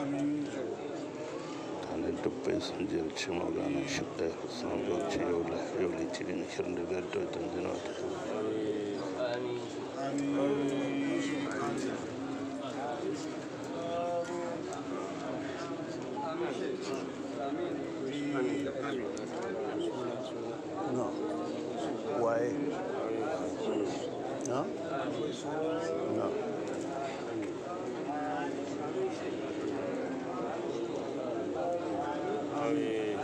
ane dhubbe sanjir chima gana shukde sanjo chi yole yole chiri na hirndi ver doi tan zino ati no why no no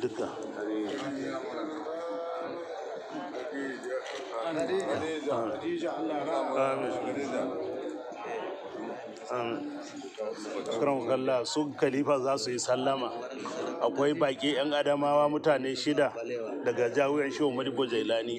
duka kalla su kalifa za su yi sallama akwai baƙi 'yan adamawa mutane shida daga jawuyan shehu madibo jailani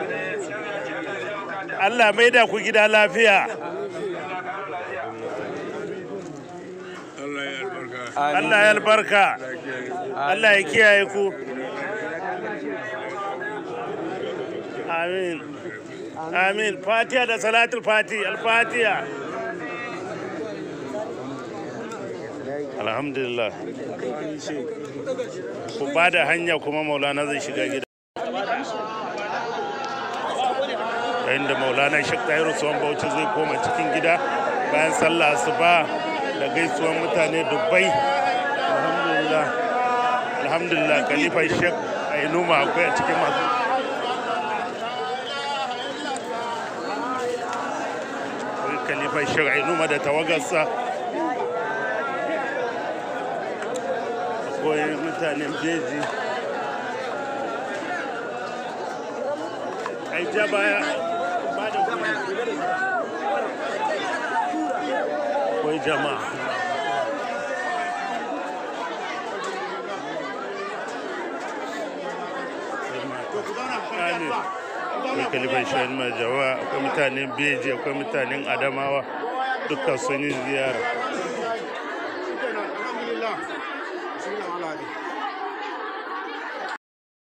Allah mai da ku gida lafiya Allah ya albarka Allah ya kiyaye ku amin amin fatiha da salatul fati al-fatiha alhamdulillah ku ba da hanya kuma maulana zai shiga gida yayin da maulana shek yi suwan bauchi zai koma cikin gida bayan sallah asuba da gaisuwan mutane dubbai alhamdulillah alhamdulillah khalifa shek ainuma akwai a cikin masu kalifan shir'ai numa da tawagarsa akwai mutane jeji ai baya Wai jama'a. Akwai kalifan shayin majawa, akwai mutanen beji, akwai mutanen adamawa dukkan sun yi ziyara.